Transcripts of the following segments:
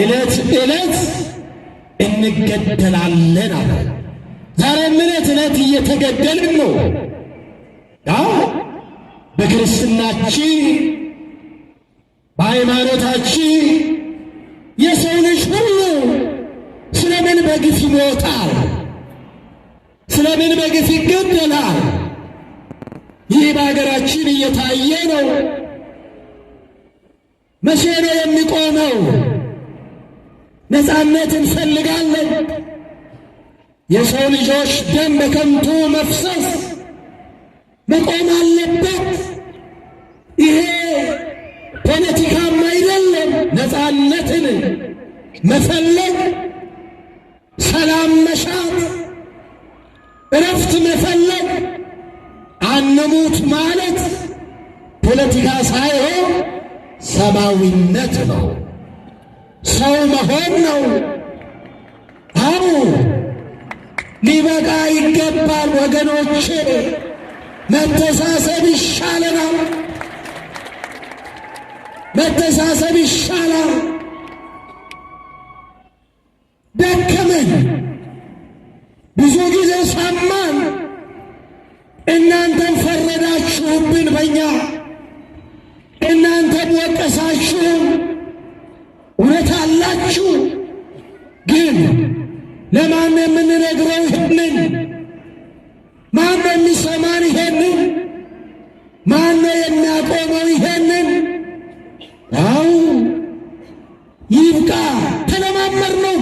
እለት እለት እንገደላለን አለ። ዛሬም እለት እለት እየተገደልን ነው። ያው በክርስትናችን በሃይማኖታችን የሰው ልጅ ሁሉ ስለምን በግፍ ይሞታል? ስለምን በግፍ ይገደላል? ይህ በሀገራችን እየታየ ነው። መቼ ነው የሚቆመው? ነፃነት እንፈልጋለን። የሰው ልጆች ደም በከንቱ መፍሰስ መቆም አለበት። ይሄ ፖለቲካም አይደለም። ነፃነትን መፈለግ፣ ሰላም መሻት፣ እረፍት መፈለግ፣ አንሙት ማለት ፖለቲካ ሳይሆን ሰብአዊነት ነው። ሰው መሆን ነው። አቡ ሊበቃ ይገባል ወገኖች፣ መተሳሰብ ይሻለናል። መተሳሰብ ይሻላል። ደከመን፣ ብዙ ጊዜ ሳማን እናንተን ፈረዳችሁብን በእኛ እናንተን ወቀሳችሁም ያልሽው ግን ለማን የምንነግረው ይሄንን? ማን ነው የሚሰማን ይሄንን? ማን ነው የሚያቆመው ይሄንን? አው ይብቃ። ተለማመር ነው።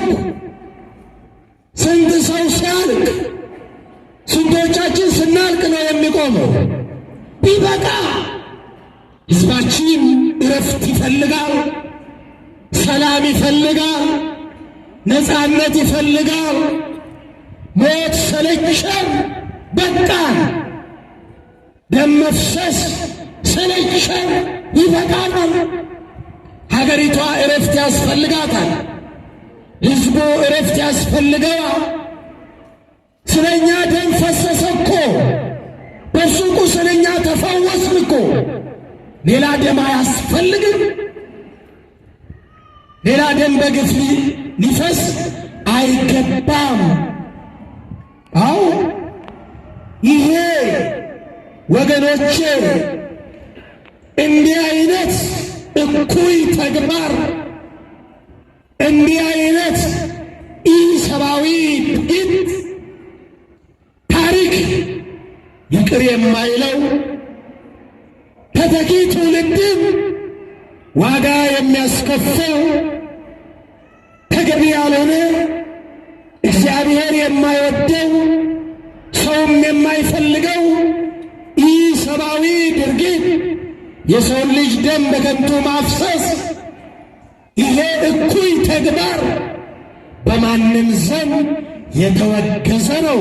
ስንት ሰው ሲያልቅ፣ ስንቶቻችን ስናልቅ ነው የሚቆመው? ቢበቃ ህዝባችን እረፍት ይፈልጋል። ሰላም ይፈልጋል፣ ነፃነት ይፈልጋል። ሞት ሰለቸን፣ በቃ ደም መፍሰስ ሰለቸን፣ ይበቃናል። ሀገሪቷ እረፍት ያስፈልጋታል። ሕዝቡ እረፍት ያስፈልገዋል። ስለኛ ደም ፈሰሰ እኮ በሱ ቁስልኛ ተፈወስን እኮ ሌላ ደም አያስፈልግም። ሌላ ደም በግፍ ሊፈስ አይገባም። አዎ ይሄ ወገኖቼ እንዲህ አይነት እኩይ ተግባር እንዲህ አይነት ኢሰብአዊ ድርጊት ታሪክ ይቅር የማይለው ተተኪ ትውልድም ዋጋ የሚያስከፍል ተገቢ ያልሆነ እግዚአብሔር የማይወደው ሰውም የማይፈልገው ይህ ሰብአዊ ድርጊት የሰውን ልጅ ደም በከንቱ ማፍሰስ ይሄ እኩይ ተግባር በማንም ዘንድ የተወገዘ ነው፣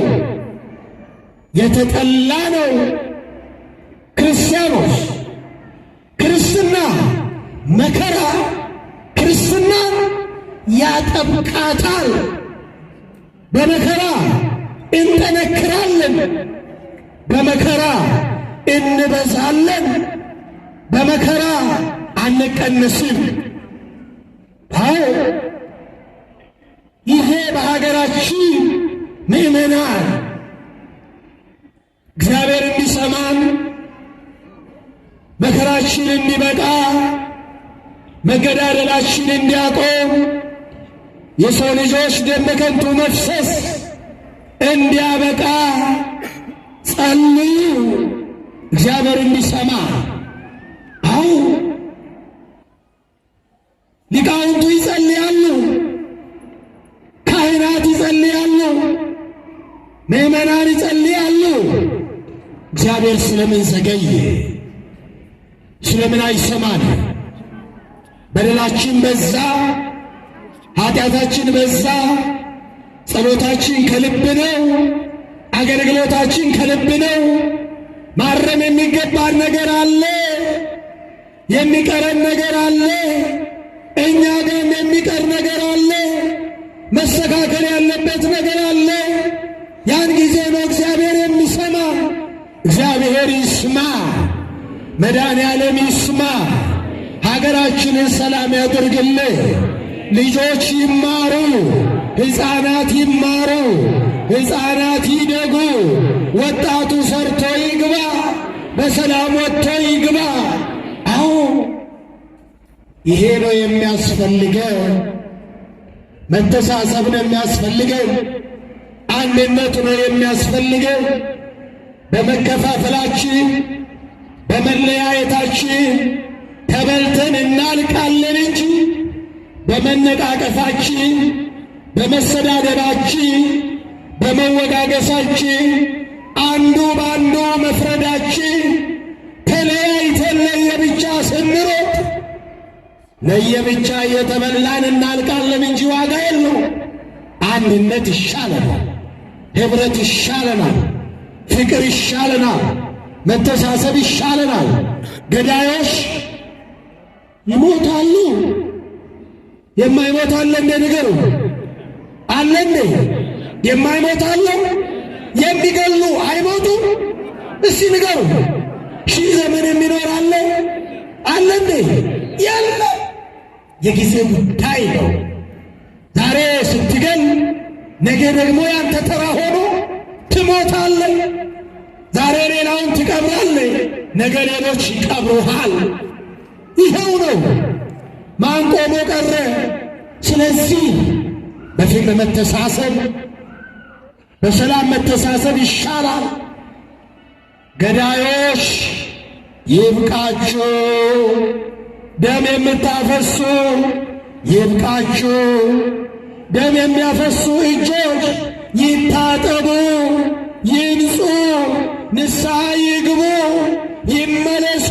የተጠላ ነው። ክርስቲያኖች ክርስትና መከራ ክርስትና ያጠብቃታል። በመከራ እንጠነክራለን፣ በመከራ እንበዛለን፣ በመከራ አንቀንስም። አዎ ይሄ በሀገራችን ምእመናን እግዚአብሔር እንዲሰማን መከራችን እንዲበቃ መገዳደላችን እንዲያቆም የሰው ልጆች ደም ከንቱ መፍሰስ እንዲያበቃ ጸልዩ፣ እግዚአብሔር እንዲሰማ። አው ሊቃውንቱ ይጸልያሉ፣ ካህናት ይጸልያሉ፣ ምእመናን ይጸልያሉ። እግዚአብሔር ስለምን ዘገየ? ስለምን አይሰማል? በደላችን በዛ፣ ኃጢአታችን በዛ። ጸሎታችን ከልብ ነው። አገልግሎታችን ከልብ ነው። ማረም የሚገባን ነገር አለ። የሚቀረን ነገር አለ። እኛ ግን የሚቀር ነገር አለ። መስተካከል ያለበት ነገር አለ። ያን ጊዜ ነው እግዚአብሔር የሚሰማ። እግዚአብሔር ይስማ። መድኃኔ ዓለም ይስማ። ሀገራችንን ሰላም ያድርግል። ልጆች ይማሩ፣ ሕፃናት ይማሩ፣ ሕፃናት ይደጉ፣ ወጣቱ ሰርቶ ይግባ፣ በሰላም ወጥቶ ይግባ። አዎ ይሄ ነው የሚያስፈልገው። መተሳሰብ ነው የሚያስፈልገው። አንድነት ነው የሚያስፈልገው። በመከፋፈላችን በመለያየታችን ተበልተን እናልቃለን እንጂ በመነቃቀፋችን፣ በመሰዳደባችን፣ በመወጋገሳችን፣ አንዱ በአንዱ መፍረዳችን ተለያይተን ለየብቻ ስንሮጥ ለየብቻ እየተበላን እናልቃለን እንጂ ዋጋ የለው። አንድነት ይሻለናል። ኅብረት ይሻለናል። ፍቅር ይሻለናል። መተሳሰብ ይሻለናል። ገዳዮች ይሞታሉ። የማይሞት አለ እንዴ? ንገሩ። አለ እንዴ? የማይሞት አለ? የሚገሉ አይሞቱም? እስቲ ንገሩ። ሺህ ዘመን የሚኖር አለ? አለ እንዴ? ያለ የጊዜ ጉዳይ ነው። ዛሬ ስትገል፣ ነገ ደግሞ ያንተ ተራ ሆኖ ትሞታለህ። ዛሬ ሌላውን ትቀብራለህ፣ ነገ ሌሎች ይቀብሩሃል። ይኸው ነው። ማን ቆሞ ቀረ? ስለዚህ በፍቅር መተሳሰብ፣ በሰላም መተሳሰብ ይሻላል። ገዳዮች ይብቃችሁ፣ ደም የምታፈሱ ይብቃችሁ። ደም የሚያፈሱ እጆች ይታጠቡ፣ ይንጹ፣ ንስሐ ይግቡ፣ ይመለሱ።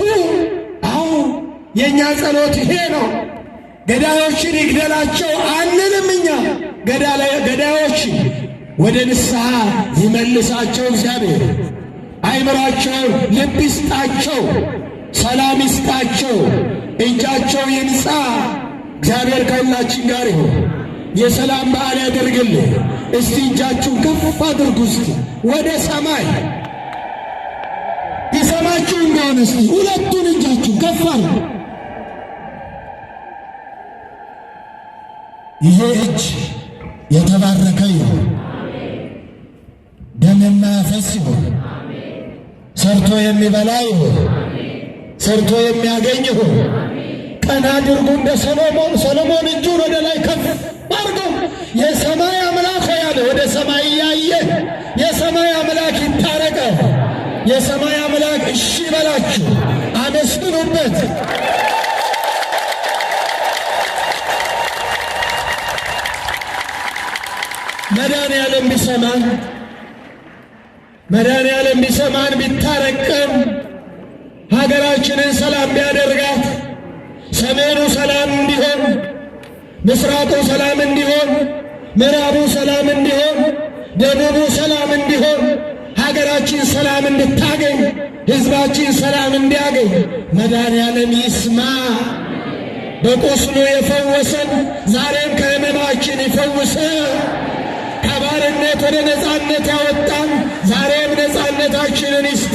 የእኛ ጸሎት ይሄ ነው። ገዳዮችን ይግደላቸው አንልም። እኛ ገዳዮች ወደ ንስሐ ይመልሳቸው እግዚአብሔር። አይምራቸው ልብ ይስጣቸው፣ ሰላም ይስጣቸው፣ እጃቸው ይንጻ። እግዚአብሔር ከሁላችን ጋር ይሁን። የሰላም በዓል ያደርግልን። እስቲ እጃችሁን ከፍ አድርጉ እስቲ ወደ ሰማይ ይሰማችሁ እንደሆነ እስቲ ሁለቱን እጃችሁን ከፍ አድርጉ። ይሄ እጅ የተባረከ ይሁን፣ ደም የማያፈስ ይሁን፣ ሰርቶ የሚበላ ይሁን፣ ሰርቶ የሚያገኝ ይሁን። ቀና አድርጉ እንደ ሰሎሞን ሰሎሞን እጁን ወደ ላይ ከፍ አድርገው የሰማይ አምላክ ያለ ወደ ሰማይ እያየ የሰማይ አምላክ ይታረቀ የሰማይ አምላክ እሺ ይበላችሁ፣ አመስግኑበት። መዳን ያለ ቢሰማን መዳን ያለ ቢሰማን ቢታረቀም ሀገራችንን ሰላም ቢያደርጋት ሰሜኑ ሰላም እንዲሆን፣ ምስራቁ ሰላም እንዲሆን፣ ምዕራቡ ሰላም እንዲሆን፣ ደቡቡ ሰላም እንዲሆን፣ ሀገራችን ሰላም እንድታገኝ፣ ሕዝባችን ሰላም እንዲያገኝ መድኃኔዓለም ይስማ። በቁስሉ የፈወሰን ዛሬም ከሕመማችን ይፈውሰን። ከባርነት ወደ ነፃነት ያወጣን ዛሬም ነፃነታችንን ይስጥ፣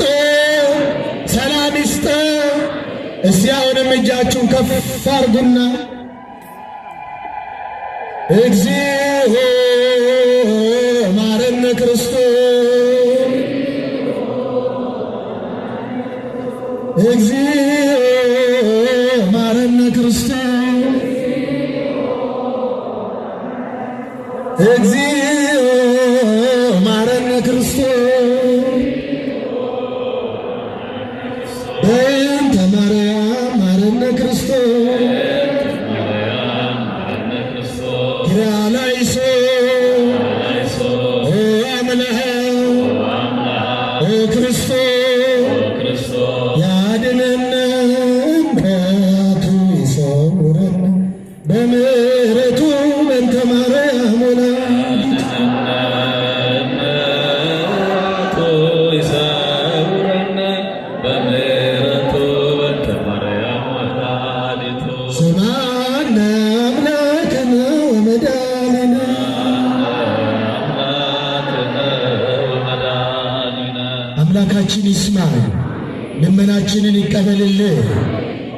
ሰላም ይስጥ። እስቲ አሁንም እጃችሁን ከፍ አርጉና እግዚኦ ማረነ ክርስቶስ እግዚኦ Realize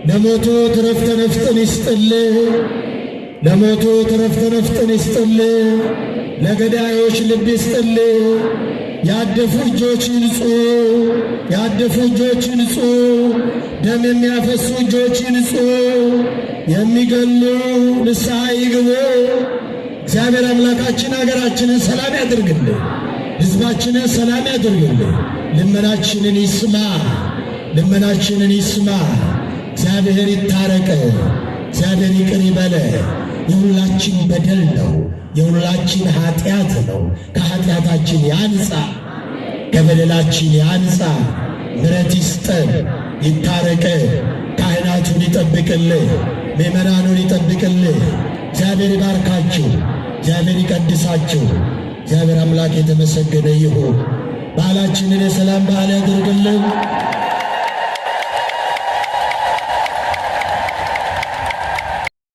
ለሞቱ ረፍተ ነፍጥን ይስጥል። ለሞቱ ረፍተ ነፍጥን ይስጥል። ለገዳዮች ልብ ይስጥል። ያደፉ እጆች ይንጹ። ያደፉ እጆች ይንጹ። ደም የሚያፈሱ እጆች ይንጹ። የሚገሉ ንስሐ ይግቡ። እግዚአብሔር አምላካችን አገራችንን ሰላም ያድርግልን። ሕዝባችንን ሰላም ያድርግልን። ልመናችንን ይስማ። ልመናችንን ይስማ። እግዚአብሔር ይታረቀ፣ እግዚአብሔር ይቅር ይበለ። የሁላችን በደል ነው፣ የሁላችን ኃጢአት ነው። ከኃጢአታችን ያንጻ፣ ከበደላችን ያንጻ። ምረት ይስጠን፣ ይታረቀ። ካህናቱን ይጠብቅልህ፣ ምዕመናኑን ይጠብቅልህ። እግዚአብሔር ይባርካችሁ፣ እግዚአብሔር ይቀድሳችሁ። እግዚአብሔር አምላክ የተመሰገነ ይሁን። በዓላችንን የሰላም በዓል ያደርግልን።